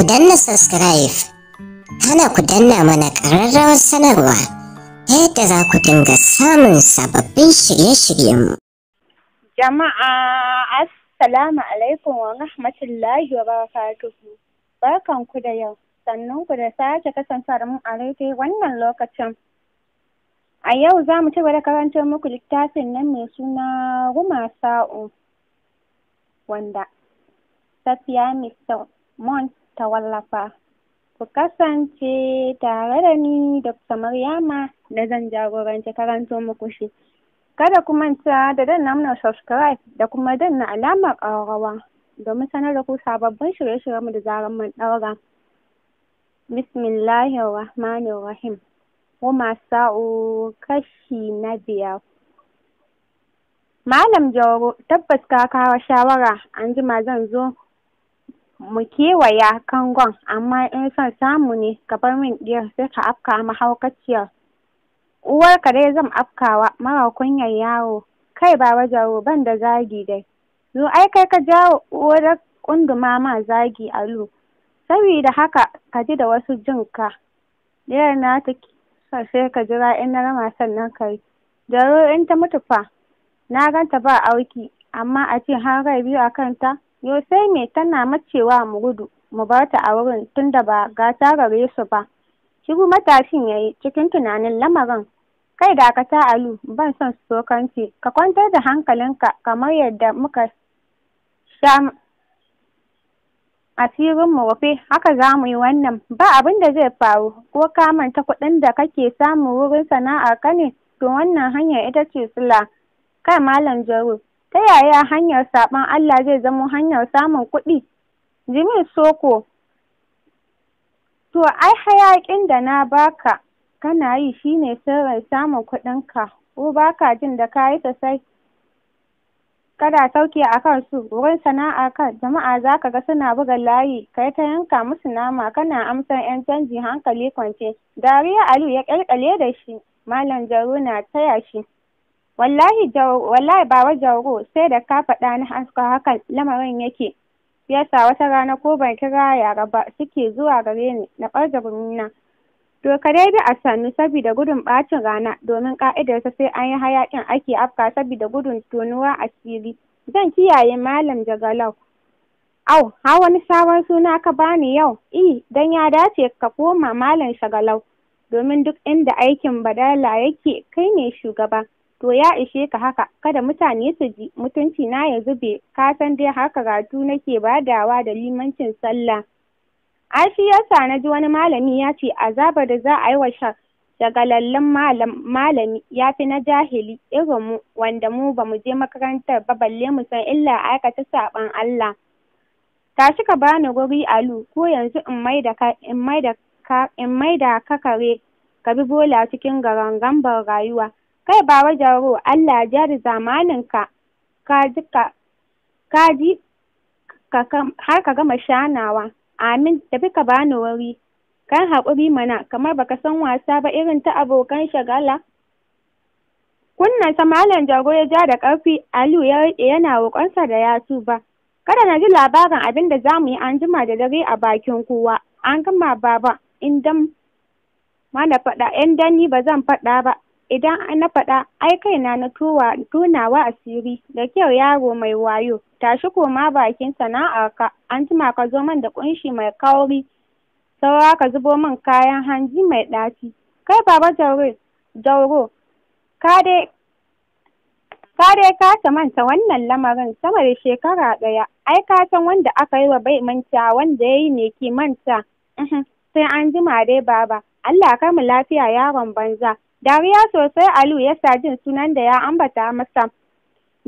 ku danna subscribe hana ku danna mana ƙararrawar sanarwa ta yadda za ku dinga samun sababbin shirye-shiryenmu. Jama'a Assalamu alaikum wa rahmatullahi wa barakatuhu. Barkan ku da yau, sannan ku da sake kasance mu a daidai wannan lokacin. A yau za mu ci gaba da karantar muku littafin nan mai suna Gumasa'u wanda Safiya Mr. Mont ta wallafa. Ku kasance tare da ni da kamar yama. da zan jagoranci karanto muku shi. Kada ku manta da danna muna subscribe da kuma danna alamar ƙararrawa domin sanar da ku sababbin shirye-shiryenmu da zarar mun ɗaura. Rahim. Kuma sa'o kashi na biyar. Malam Jauro, tabbas ka kawo shawara, an jima zan zo mu kewaya kangon amma in son samu ne ka bar min diyar sai ka afka mahaukaciyar ka dai zan afkawa mara kunyar yawo kai ba jaro ban da zagi dai zo ai kai ka jawo uwar kunduma ma zagi a alu sabida haka ka ji da wasu jinka diyar na ta sai ka jira in na rama sannan kai jaro in ta mutu fa na ganta ba auki amma a ce har rai biyu a kanta Yosai me tana macewa mu gudu mu bar ta a wurin tunda ba gata gare su ba. Shiru matashin ya yi cikin tunanin lamarin. Kai dakata Alu ban son sokanci ka kwantar da hankalinka kamar yadda muka sha asirinmu rufe haka za mu yi wannan ba abin da zai faru ko ka manta kuɗin da kake samu wurin sana'a ka ne to wannan hanya ita ce sula kai malam jaru ta yaya hanyar saɓan Allah zai zama hanyar samun kuɗi? Jimin Soko, to ai hayaƙin da na baka kana yi shi ne sirrin samun kuɗinka, ko baka jin da ka yi ta sai kada sauke a kan su wurin sana'a kan jama'a za ka ga suna buga layi kai ta yanka musu nama kana amsan 'yan canji hankali kwance dariya aliyu ya ƙyalƙyale da shi malam jaruna taya shi wallahi wallahi wa jauro sai da ka faɗa na haska hakan lamarin yake yasa wata rana ko ban kira ya ba suke zuwa gare ni na ɓarza gumina to ka dai a sannu saboda gudun ɓacin rana domin ƙa'idarsa sai an yi hayaƙin ake afka saboda gudun tonuwa asiri zan kiyaye malam jagalau au ha wani sabon suna ka bani yau i dan ya dace ka koma malam shagalau domin duk inda aikin badala yake kai ne shugaba to ya ishe ka haka kada mutane su ji mutunci na ya zube ka san dai haka gatu nake badawa da limancin sallah ai shi yasa na ji wani malami ya ce azaba da za a yi wa shar shagalallen malami ya fi na jahili irin mu wanda mu ba mu je makarantar ba balle mu san illa aikata saɓan Allah tashi ka bani wuri, alu ko yanzu in mai da ka in mai da ka kare ka bi bola cikin garangambar rayuwa kai wa Jaro? Allah ya jari zamanin ka ji ka ji har ka gama shanawa amin tafi ka bani wuri kan haƙuri mana kamar baka san wasa ba irin ta abokan shagala kunna sa malam jago ya ja da ƙarfi alu ya riƙe yana roƙonsa da yatsu ba kada na ji labarin abin da za mu yi an jima da dare a bakin kowa an gama baba indan mana faɗa indan ni ba zan faɗa ba idan na faɗa ai kaina na tunawa asiri da kyau yaro mai wayo tashi koma bakin sana'arka an jima ka zo man da kunshi mai kauri saura ka zubo min kayan hanji mai ɗaci kai baba jauro ka dai ka ta manta wannan lamarin sama da shekara ɗaya ai ka san wanda aka yi wa bai manta wanda ya yi ne ki manta uhm, sai an jima dai baba Allah kar mu lafiya yaron banza Dariya sosai alu ya sa jin sunan da ya ambata masa.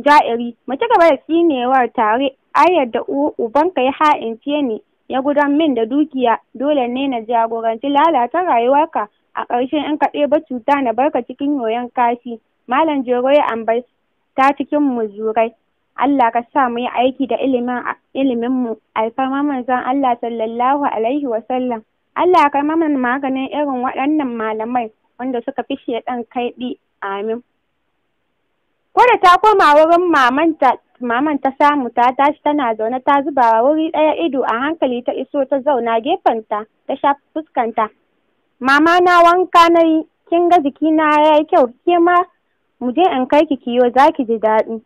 Ja'iri, mu ci gaba da tsinewar tare, ayar da ubanka ya ha'ince ne ya gudan min da dukiya, dole ne na jagoranci lalata rayuwarka, a ƙarshe in ka ɗeba cuta na barka cikin yoyon kashi. Malam Jero ya ta cikin muzurai. Allah ka sa mu yi aiki da ilimin mu alfarma manzon Allah sallallahu alaihi wasallam. Allah ka maman maganin irin waɗannan malamai. wanda suka fi ɗan kaiɗi amin Kwada ta koma wurin mamanta maman ta samu ta tashi tana zaune ta zubawa wuri ɗaya ido a hankali ta iso ta zauna gefenta ta sha fuskanta. Mama na wanka na kin ga jiki na ya yi kyau ke ma mu je in kai ki kiyo za ki ji daɗi.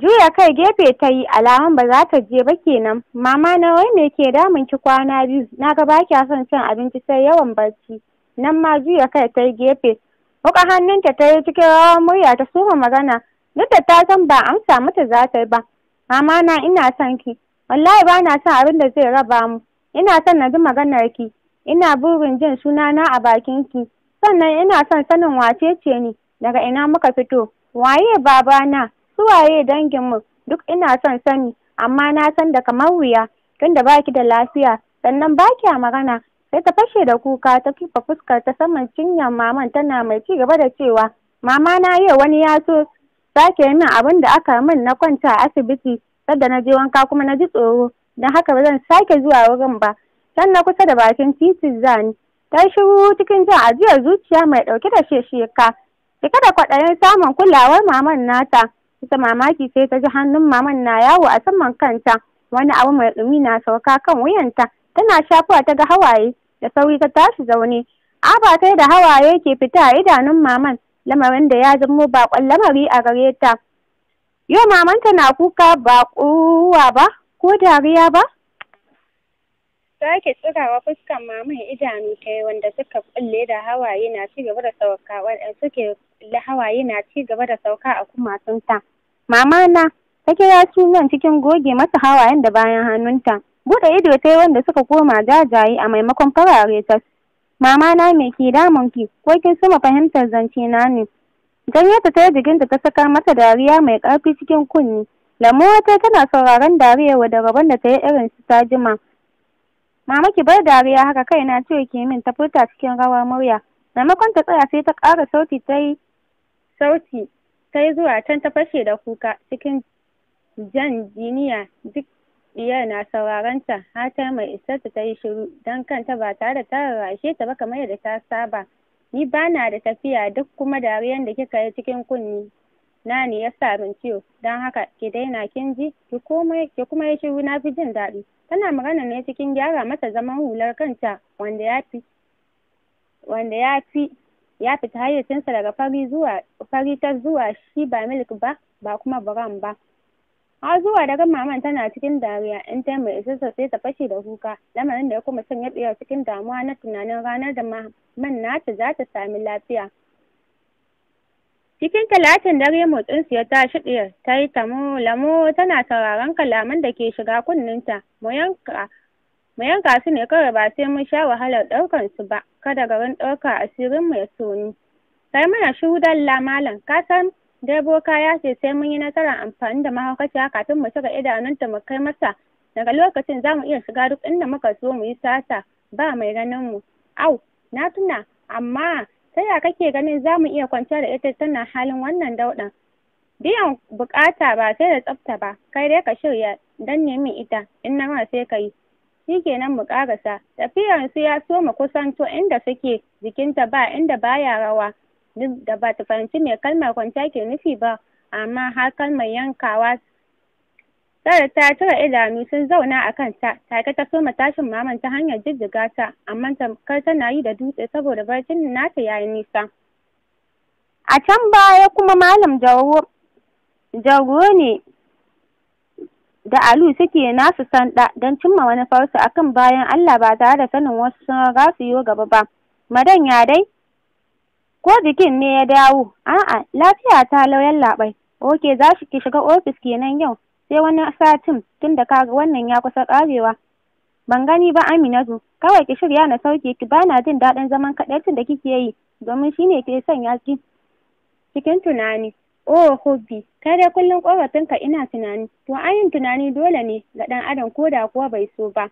Juya kai gefe ta yi alamun ba za ta je ba kenan. Mama na wai me ke damun ki kwana biyu na ga ba kya son cin abinci sai yawan barci. nan ma juya kai ta yi gefe wuka hannunta ta yi cikin rawar murya ta suma magana duk da ta san ba amsa mata za ta yi ba mama na ina son ki wallahi ba na son abin da zai raba mu ina son na ji maganar ki ina burin jin sunana a bakin ki sannan ina son sanin wace ce ni daga ina muka fito waye babana su waye danginmu duk ina son sani amma na san da kamar wuya tunda baki da lafiya sannan baki magana sai ta fashe da kuka ta kifa fuskar ta saman cinyar maman tana mai ci gaba da cewa mama na yau wani ya so sake min abin da aka min na kwanta a asibiti sadda na je wanka kuma na ji tsoro don haka ba zan sake zuwa wurin ba can na kusa da bakin titi zani ta shiru cikin jin ajiyar zuciya mai ɗauke da shesheka cike da kwaɗayin samun kulawar maman nata ita mamaki sai ta ji hannun maman na yawo a saman kanta wani abu mai dumi na sauka kan wuyanta tana shafuwa ta ga hawaye da sauri ta tashi zaune aba kai da hawaye ke fita a idanun maman lamarin da ya zamo bakon lamari a gare ta yau mamanta na kuka ba kowa ba ko dariya ba sake tsirawa fuskan maman idanu ta wanda suka kulle da hawaye na ci gaba da sauka wanda suke hawaye na ci gaba da sauka a kumatunta mama na ta kira sunan cikin goge masa hawayen da bayan hannunta Buɗe ido ta yi wanda suka koma jajaye a maimakon farare ta Mama na me ke damun ki? Ko kin sama fahimtar zance na ne? Janye ta tare da ta saka mata dariya mai ƙarfi cikin kunni. lamu wata tana sauraron dariya da rabon da ta yi irin su ta jima. Mama ki bar dariya haka kai na ce ki min ta furta cikin rawar murya. Maimakon ta tsaya sai ta ƙara sauti ta yi sauti ta yi zuwa can ta fashe da kuka cikin jan jiniya duk Iya na sauraron ta hata mai isar ta yi shiru don kanta ba tare da ta rarrashe ta ba kamar yadda ta saba. Ni ba na da tafiya duk kuma dariyar da kika yi cikin kunni na ne ya sa min ciwo don haka ki daina kin ji ki kuma ya shiru na fi jin daɗi. Tana magana ne cikin gyara mata zaman hular kanta wanda ya fi wanda ya fi ya fita hayyacinsa daga fari ta zuwa shi ba milk ba ba kuma brown ba. Har zuwa da gan maman tana cikin dariya in ta mai isa sai ta fashe da kuka lamarin da ya kuma sanya tsira cikin damuwa na tunanin ranar da man nata za ta sami lafiya. Cikin talatin dare motsin ya ta shiɗe ta yi tamo lamo tana sauraron kalaman da ke shiga kunnen ta. mu yanka su ne kawai ba sai mun sha wahalar ɗaukar su ba kada garin ɗauka asirin mu ya soni. Kai mana shudan lamalan ka san Dai boka ya ce sai mun yi nasarar amfani da mahaukaciya kafin mu idanun idanunta mu kai masa. Daga lokacin za mu iya shiga duk inda muka so mu yi sata ba mai ganin mu. Au, na tuna, amma ta ya kake ganin za mu iya kwanciya da ita tana halin wannan dauɗan? Biyan bukata ba sai da tsafta ba, kai dai ka shirya don nemi ita, in na ma sai ka yi. Shi kenan mu Tafiyar su ya so mu kusanto inda suke jikinta ba inda baya rawa. duk da bata fahimci me kalmar kwanciya ke nufi ba amma har kalmar yankawa Sara ta cire idanu sun zauna a kanta, take ta soma tashin maman ta hanyar jijjiga ta, amma tamkar tana yi da dutse saboda barcin nata yayi nisa. A can baya kuma Malam Jauro ne da Alu suke nasu sanda don cimma wani farsu akan bayan Allah ba tare da sanin wasu sun riga gaba ba. Madan ya dai, ko bikin ne ya dawo a'a lafiya ta lauyan labai oke za shi ki shiga ofis kenan yau sai wani satin tunda kaga wannan ya kusa karewa ban gani ba aminatu kawai ki shirya na sauke ki bana jin daɗin zaman kaɗaicin da kike yi domin shine ke ya ki cikin tunani o oh, hobby kai dai kullum ka ina tunani to ayin tunani dole ne ga ɗan adam ko da kuwa bai so ba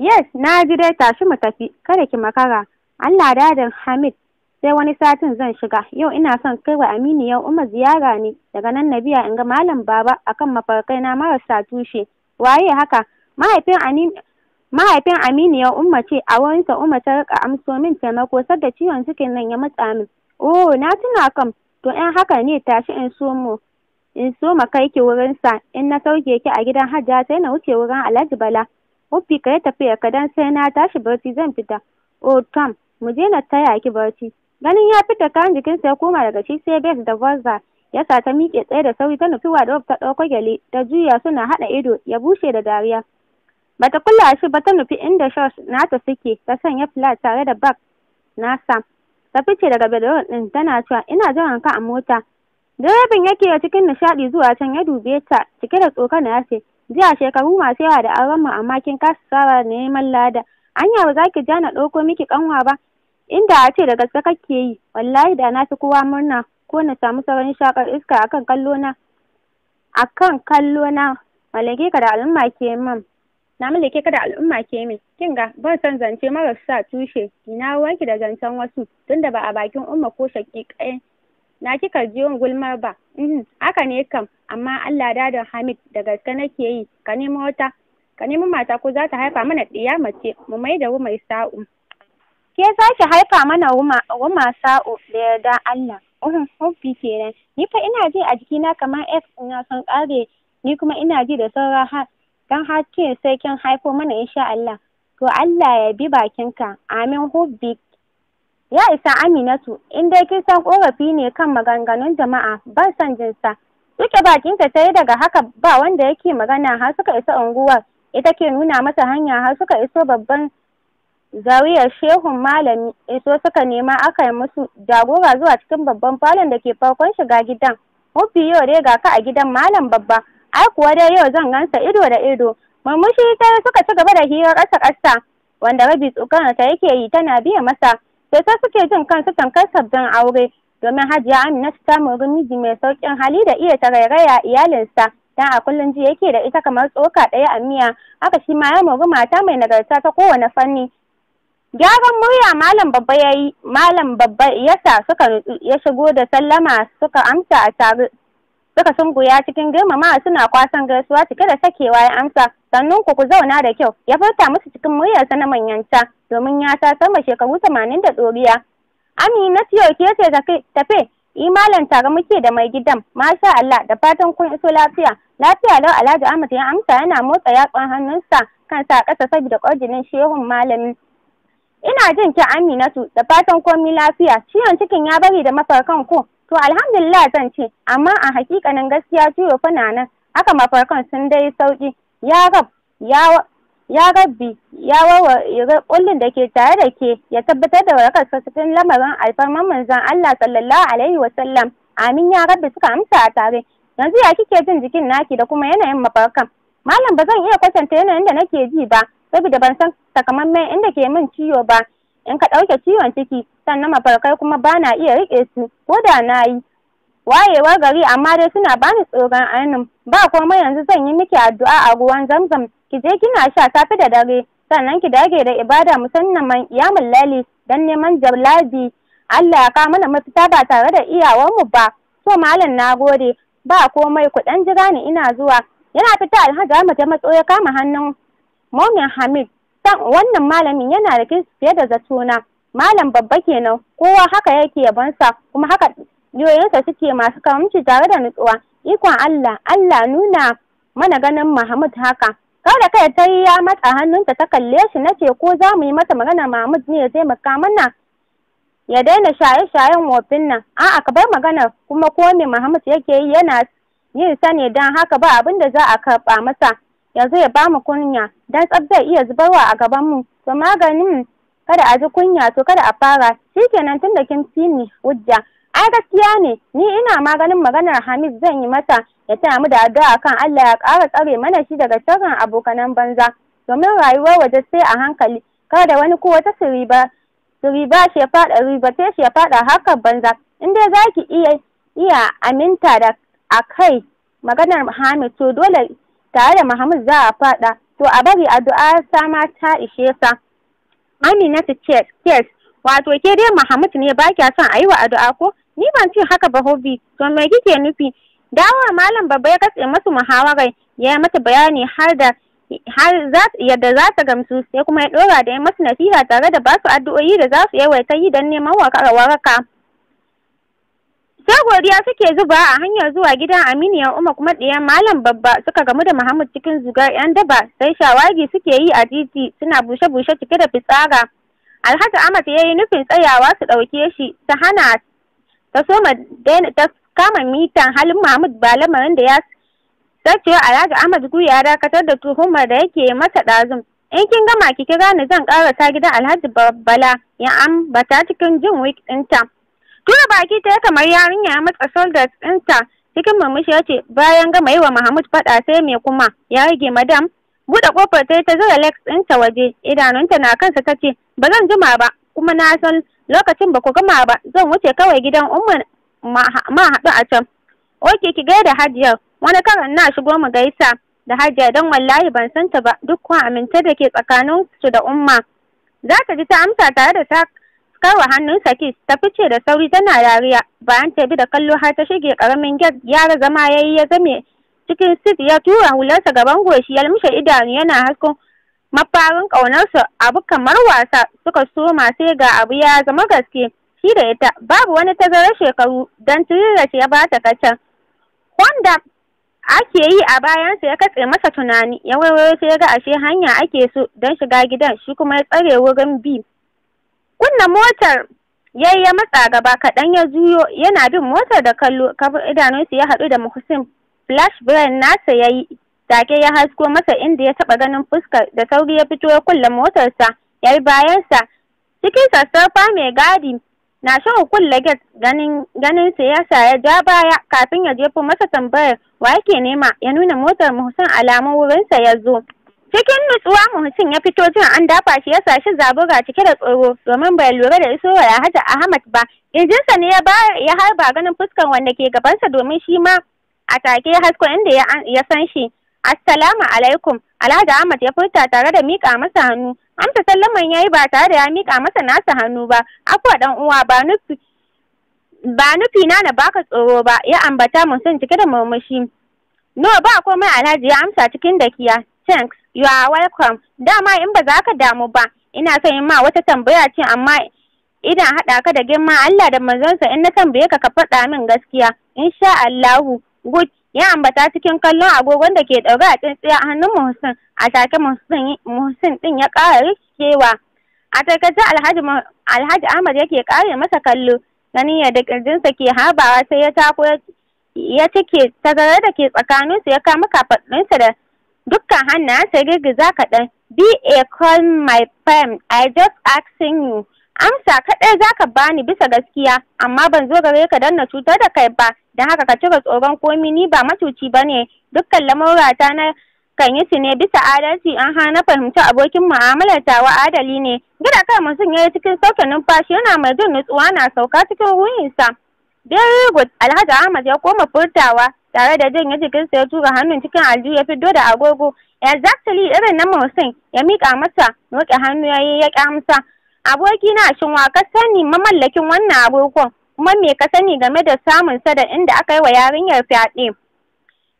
yes na ji dai tashi mu tafi kada ki makara Allah dadin Hamid sai wani satin zan shiga yau ina son kai wa yau Umar ziyara ne daga nan na biya in ga malam baba akan mafarkai na marasa tushe waye haka mahaifin mahaifin yau Umma ce a wurinsa Umma ta rika amso min taimako sadda ciwon cikin nan ya matsa min oh na tuna kam to in haka ne tashi in so mu in so ma kai ki wurin sa in na sauke ki a gidan hajja sai na wuce wurin Alhaji Bala Uffi ka ya tafi ka dan sai na tashi barci zan fita oh Tom mu je na taya ki barci ganin ya fita kayan jikinsa ya koma daga shi sai bes da vozza ya sa ta miƙe tsaye da sauri ta nufi wardrobe ta ɗauko gyale ta juya suna haɗa ido ya bushe da dariya bata kula shi ba ta nufi inda shorts nata suke ta sanya flat tare da bag nasa ta fice daga bedroom din tana cewa ina jiran ka a mota Direbin yake cikin nishaɗi zuwa can ya dube ta cike da tsokana ya ce jiya shekaru masu yawa da auren mu amma kin kasa neman lada anya ba za ki ja na ɗauko miki kanwa ba inda a ce da gaske kake yi wallahi da na fi kowa murna ko na samu sauran shakar iska akan kallo na akan kallo na malake ka da al'umma ke man na malake ka da al'umma ke min kin ga ban san zance marasa tushe ina wanki da zancen wasu tunda ba a bakin umma ko shakikai na kika jiyo gulmar ba mhm, haka ne kam amma Allah Dada Hamid da gaske nake yi ka nemo wata ka nemi mata ko za ta haifa mana ɗiya mace mu mai da mai sa'u ke za ki haifa mana wuma sa'u da yarda Allah uhun hoffi kenan ni fa ina ji a jikina kamar F ina son ƙare ni kuma ina ji da saura har dan har sai kin haifo mana insha Allah to Allah ya bi bakinka amin Hubi. ya isa aminatu in dai kin san korafi ne kan maganganun jama'a ban san jinsa duke bakinta ta yi daga haka ba wanda yake magana har suka isa unguwar ita ke nuna masa hanya har suka iso babban zawiyar shehun malami iso suka nema aka yi musu jagora zuwa cikin babban falon da ke farkon shiga gidan mafi yau dai ga ka a gidan malam babba ai kuwa dai yau zan gansa ido da ido murmushi ta suka ci gaba da hirar ƙasa ƙasa wanda rabi tsukan ta yake yi tana biya masa sai ta suke jin kansu tankar sabbin aure domin hajiya amina ta miji mai sauƙin hali da iya tarairaya iyalinsa dan a kullum ji yake da ita kamar tsoka ɗaya a miya haka shi ma ya mogi mata mai nagarta ta kowane fanni gyaran murya malam babba ya yi malam babba yasa suka ya shigo da sallama suka amsa a tare suka sunguya cikin girmama suna kwasan gaisuwa cike da sakewa ya amsa sannan ku ku zauna da kyau ya furta musu cikin muryarsa na manyanta domin ya sa sama shekaru tamanin da ɗoriya amina tiyo ke ce tafe yi malam tare muke da mai gidan masha Allah da fatan kun iso lafiya lafiya lau alhaji ahmad ya amsa yana motsa yatsun hannunsa kansa a ƙasa saboda ƙwarjinin shehun malami. ina jin ki aminatu da fatan komi lafiya ciwon cikin ya bari da mafarkan ku to alhamdulillah zan ce amma a hakikanin gaskiya ciwo kuna nan haka mafarkan sun dai sauki ya rab ya ya rabbi ya warware kullun da ke tare da ke ya tabbatar da warakar cikin lamarin alfarman manzon Allah sallallahu alaihi wasallam amin ya rabbi suka amsa a tare yanzu ya kike jin jikin naki da kuma yanayin mafarkan malam ba zan iya kwatanta yanayin da nake ji ba saboda ban san takamaiman inda ke min ciwo ba in ka ɗauke ciwon ciki sannan mafarkai kuma ba na iya riƙe su ko da na yi wayewar gari amma dai suna bani tsoron ainin ba komai yanzu zan yi miki addu'a a ruwan zamzam ki je kina sha safe da dare sannan ki dage da ibada musamman ya lali dan neman jallabi Allah ya kawo mana mafita ba tare da iyawarmu ba So malam na gode ba komai kuɗin jira ni ina zuwa yana fita alhaji Ahmad ya matso ya kama hannun Momin Hamid san wannan malamin yana da fiye da zato na. malam babba kenan kowa haka yake yabonsa kuma haka yoyinsa suke masu kamci tare da nutsuwa ikon Allah Allah nuna mana ganin Mahmud haka kada kai ta yi ya matsa hannunta ta kalle shi na ce ko za mu yi mata magana Mahmud ne ya taimaka mana ya daina shaye-shayen wofin nan a'a ka bar magana kuma ko me Muhammad yake yi yana yin sa ne dan haka ba abin da za a karɓa masa yanzu ya bamu kunya dan tsaf zai iya zubarwa a gaban mu to maganin kada a ji kunya to kada a fara shikenan tunda kin fi ni hujja ai gaskiya ne ni ina maganin maganar Hamid zan yi mata ya taya mu da addu'a kan Allah ya ƙara tsare mana shi daga sharrin abokanan banza domin rayuwar waje sai a hankali kada wani ko wata sirri ba su riba shi ya faɗa ribate shi ya faɗa banza in dai za ki iya iya aminta da a kai maganar Muhammad to dole tare da Muhammad za a faɗa to a bari addu'a ta ma ta ishe sa Aminatu ce yes wato ke dai Muhammad ne ba kya son a yi wa addu'a ko ni ban ce haka ba hobi to me kike nufi dawa malam babba ya katse masu muhawarai ya yi mata bayani har da har yadda za su gamsu sai kuma ya ɗora da ya masu nasiha tare da basu addu'o'i da za su yawaita yi don neman waraka. Sai godiya suke zuba a hanyar zuwa gidan aminu ya Umar kuma ɗiyan Malam Babba suka gamu da Muhammad cikin zugar 'yan daba sai shawagi suke yi a titi suna bushe-bushe cike da fitsara. Alhaji Ahmad ya yi nufin tsayawa su ɗauke shi ta hana ta soma ta kama mitan halin Muhammad ba lamarin da ya Sarkiyar Alhaji Ahmad Guya ya dakatar da tuhumar da yake mata ɗazun. In kin gama ki kira ni zan ƙarasa gidan Alhaji Babbala ya ambata cikin jin wik ɗinta. Tura baki ta kamar yarinya ya matsa soldat ɗinta cikin murmushi ya ce bayan gama yi wa Mahmud faɗa sai me kuma ya rage madam. Buɗe kofar ta ta zura lex ɗinta waje idanunta na kansa ta ce ba zan jima ba kuma na san lokacin ba ku gama ba zan wuce kawai gidan umma ma haɗu a can. Oke ki gaida hajiyar wani karan na shigo mu gaisa da hajiya don wallahi ban san ta ba duk kun aminta da ke tsakanin su da umma za ta ji ta amsa tare da ta karwa hannunsa kis ta fice da sauri tana dariya bayan ta bi da kallo har ta shige karamin gate yara zama yayi ya zame cikin sit ya tura hularsa gaban goshi ya lumshe idanu yana hasko mafarin ƙaunarsu abu kamar wasa suka soma sai ga abu ya zama gaske shi da ita babu wani tazarar shekaru don tirirrace ya bata kacan. Wanda ake yi a bayansa ya katse masa tunani ya waiwayo sai ya ga ashe hanya ake so don shiga gidan shi kuma ya tsare wurin bi kunna motar ya ya matsa gaba kaɗan ya juyo yana bin motar da kallo kafin idanunsa ya haɗu da muhsin flash brain nasa ya yi take ya hasko masa inda ya taɓa ganin fuskar da sauri ya fito ya kulle motarsa ya yi bayansa cikin sassafa mai gadi na sha kulle get ganin ganin siyasa ya ja baya kafin ya jefo masa tambayar wa yake nema ya nuna motar Muhsin alamun wurinsa ya zo. Cikin nutsuwa Muhsin ya fito jin an dafa shi ya sashi zabura cike da tsoro domin bai lura da iso ya haja Ahmad ba. Injinsa ne ya ya harba ganin fuskar wanda ke gabansa domin shi ma a take hasko inda ya san shi. Assalamu alaikum. Alhaji Ahmad ya furta tare da miƙa masa hannu. amsa sallaman yayi ba tare da ya mika masa nasa hannu ba afuwa dan uwa ba nufi ba nufi na na baka tsoro ba ya ambata musun cike da murmushi no ba komai alhaji ya amsa cikin dakiya thanks you are welcome dama in ba za ka damu ba ina son yin ma wata tambaya ce amma ina haɗa ka da girma Allah da manzonsa in na tambaye ka ka faɗa min gaskiya insha Allahu good ya ambata cikin kallon agogon da ke ɗaure a tsintsiya a hannun Muhsin a take Muhsin ɗin ya ƙara rikewa a takaice Alhaji Ahmad yake ƙare masa kallo ganin yadda ƙirjinsa ke habawa sai ya tako ya cike zarar da ke tsakaninsu ya kama kafaɗinsa da dukkan hannayensa girgiza kaɗan be a call my friend I just asking you amsa kaɗai za ka bani bisa gaskiya amma ban zo gare ka don na cutar da kai ba don haka ka cika tsoron komi ni ba matuci ba ne dukkan lamurata na kan yi su ne bisa adalci an hana fahimci abokin mu'amalar tawa adali ne gida kai mutum ya yi cikin sauke numfashi yana mai jin nutsuwa na sauka cikin ruhinsa very good alhaji ahmad ya koma furtawa tare da jin ya sa ya tura hannun cikin aljihu ya fiddo da agogo exactly irin na Mohsin ya miƙa masa noke hannu ya yi ya ƙyamsa abokina shin wa ka sani mamallakin wannan abokon kuma me ka sani game da samun sa da inda aka yi wa yarinyar fyaɗe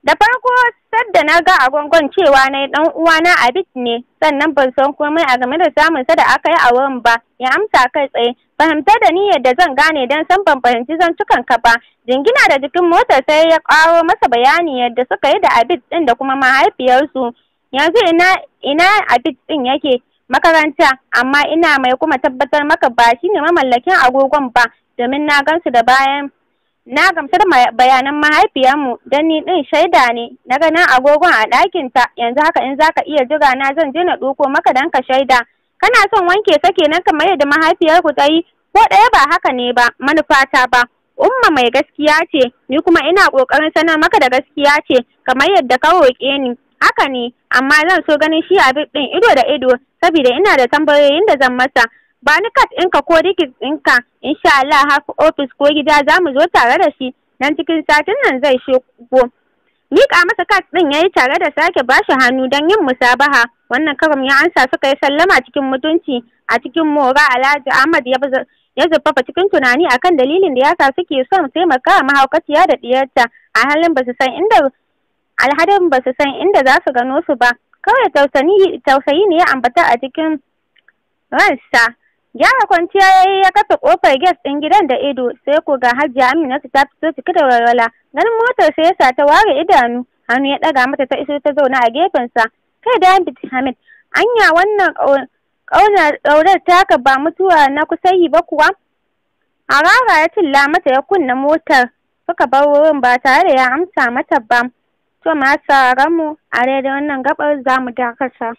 da farko sadda na ga agogon cewa na yi dan uwana abid ne sannan ban san komai a game da samun sa da aka yi a wurin ba ya amsa kai tsaye fahimta da niyyar da zan gane dan san ban fahimci zantukan ka ba jingina da jikin motar sai ya ƙaro masa bayani yadda suka yi da abit din da kuma mahaifiyarsu yanzu ina ina abid din yake makaranta amma ina mai kuma tabbatar maka ba shi ne mamallakin agogon ba domin na gamsu da bayan na gamsu da bayanan mahaifiyarmu don ni ɗin shaida ne na ganin agogon a ɗakinta yanzu haka in zaka iya jira na zan je na ɗuko maka don ka shaida kana son wanke sake nan kamar yadda mahaifiyarku ta yi ko ɗaya ba haka ne ba manufata ba umma mai gaskiya ce ni kuma ina ƙoƙarin sanar maka da gaskiya ce kamar yadda ka roƙe ni Haka ne, amma zan so ganin shi a ɗin ido da ido saboda ina da tambayoyin da zan masa. Ba ni kat ɗinka ko rikis ɗinka, insha Allah ofis ko gida za mu zo tare da shi, nan cikin satin nan zai shigo. Miƙa masa kat ɗin ya yi tare da sake bashi hannu don yin musabaha. Wannan karam ya ansa suka yi sallama cikin mutunci a cikin mora Alhaji Ahmad ya ya zuffafa cikin tunani akan dalilin da yasa suke son taimaka mahaukaciya da ɗiyarta a halin ba su san inda alhadin ba su san inda za su gano su ba kawai tausayi ne ya ambata a cikin ransa gyara kwanciya ya yi ya kasa kofar gas ɗin gidan da ido sai ko ga hajiya su ta fito cike da walwala ganin motar sai ya sa ta ware idanu hannu ya ɗaga mata ta iso ta zauna a gefensa kai da hamid anya wannan ƙaunar taka ba mutuwa na kusayi ba kuwa harara ya tilla mata ya kunna motar suka bar wurin ba tare da ya amsa mata ba so ma sauraron mu a daidai wannan gabar za mu dakata.